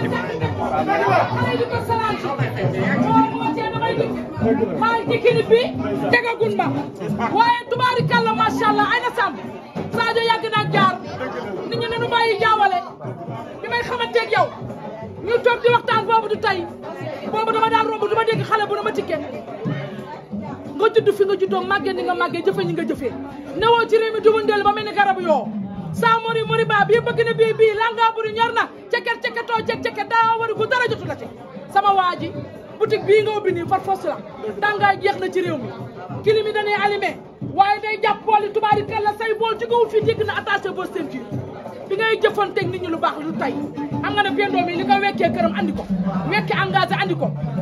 Ibrahima maa ngi ci kilib bi tegagun ma waaye tubaari kàlla macha ay na sàmm Sadio yàgg jaar nit ñi nañu bàyyi jaawale bi may xamanteeg yow ñu toog di waxtaan boobu du tey boobu dama daan romb du ma dégg xale bu dama tikke nga judd fi nga juddoo màggee ni nga màggee jëfee ni nga jëfee newoo ci réew mi di ba mel garab yoo saa mori mori baa bii bëgg na bii bii langa buri ñor na ceket ceketoo cek ceket daa war gu dara jotu la ci sama waa ji boutique bii nga ubbi nii par force la tàngaay jeex na ci réew mi kilim yi dañuy waaye day jàpp bool yi la say bool jógewul fii jégg na attaché ba ceinture bi ngay jëfanteeg nit ñi lu baax lu tey xam nga ne pendoom li nga wekkee këram andi ko wekkee engagé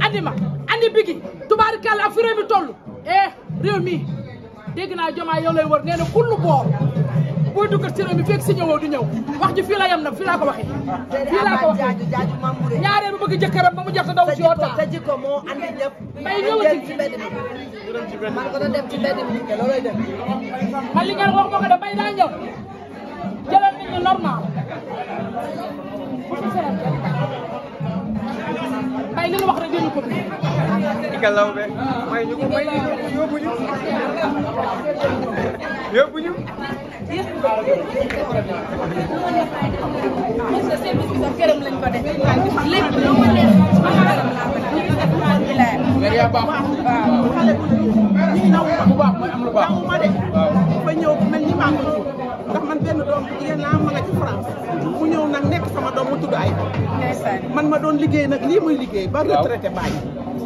andi ma andi bigi tubaab yi teel ak fi réew mi toll eh dégg naa jomaa yow lay wër booy duggat si réew mi fekk si ñëwoo du ñëw wax ji fii la yem nag fii laa ko waxee fii laa ko waxee ñaaree ba bëgg jëkkëram wax moo ko def may daa ñëw jëlal nit ñi normal kay nañu wax rek jënd ko fi. ci galaw be may ñu ko may ñu yóbbu ñu yóbbu ñu. monsieur service bi sax këram lañ ko def lépp lu mu leen waaw xale bu ñu naw bu baax mooy am lu baax naw ma de ba ñëw mel ni maa ngi ndax man benn doom bu jigéen laa ma nga ci France mu ñëw nag nekk sama doom mu tudd ay man ma doon liggéey nag lii muy liggéey ba retraité bàyyi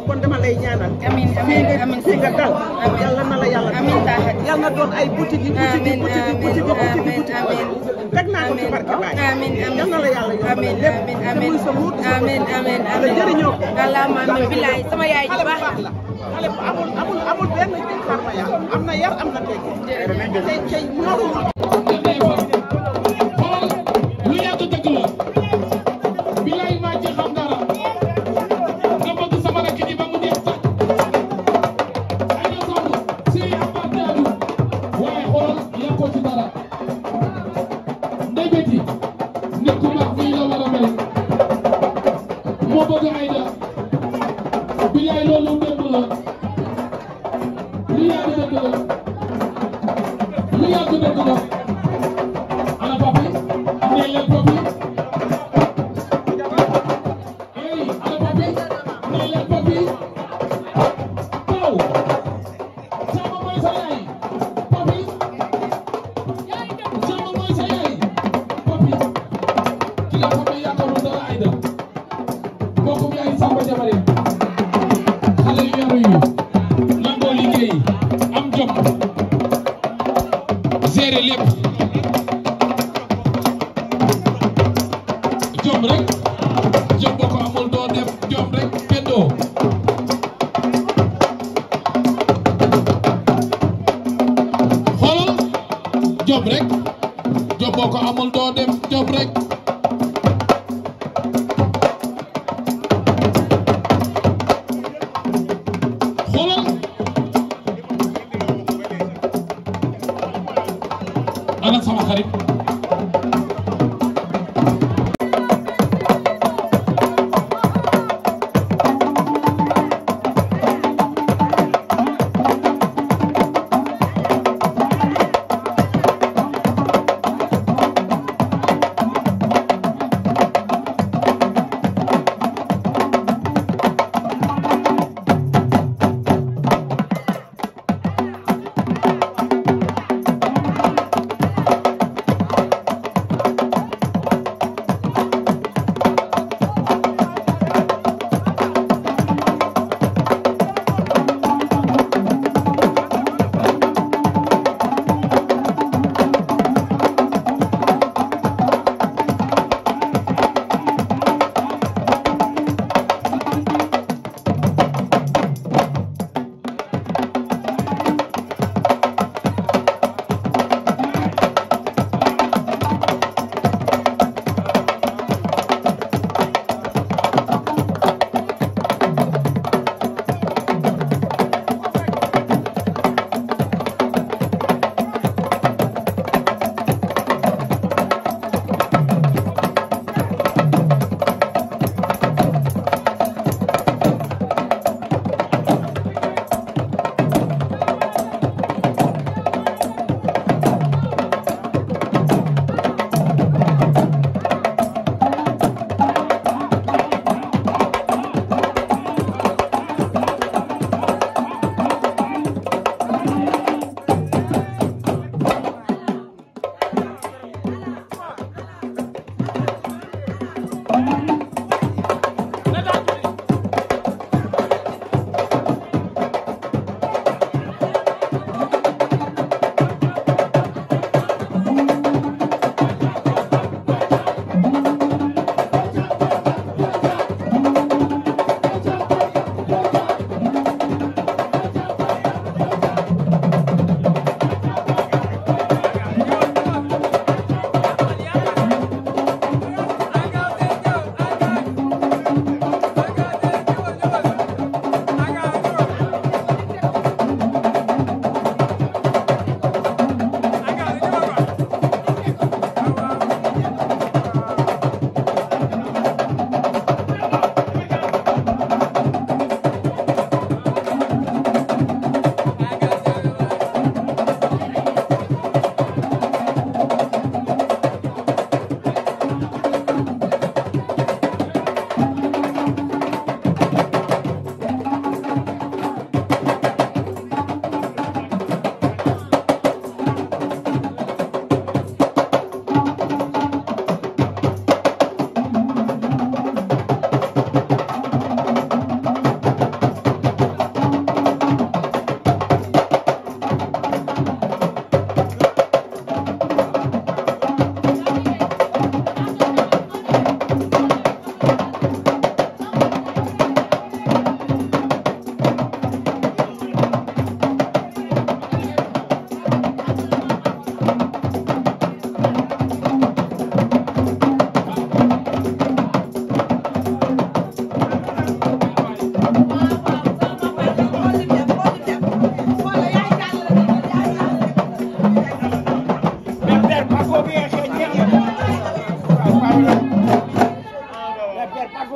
kon dama lay ñaanal amiin amiin amiin fii nga dal yàlla na la yàlla yàlla na doon ay boutique yi boutique yi boutique yi boutique yi boutique yi boutique teg naa ko ci barke baay yàlla na la yàlla yombal lépp te muy sa wut amiin amiin la jëriñoo ko alaamaami bilaay sama yaay ji baax la xale bu amul amul amul benn jël farma yàlla am na yar am na tegg tey tey Obrigado, Dudu. bopp gérer lépp jom rek jom boo ko amul doo def jom rek pendoo xoolal jom rek jom boo ko amul doo def jom rek Haripur.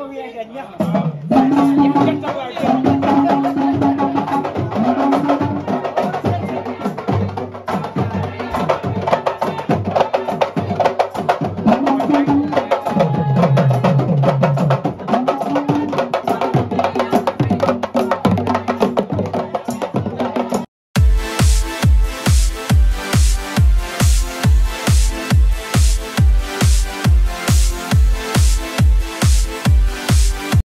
Thank you.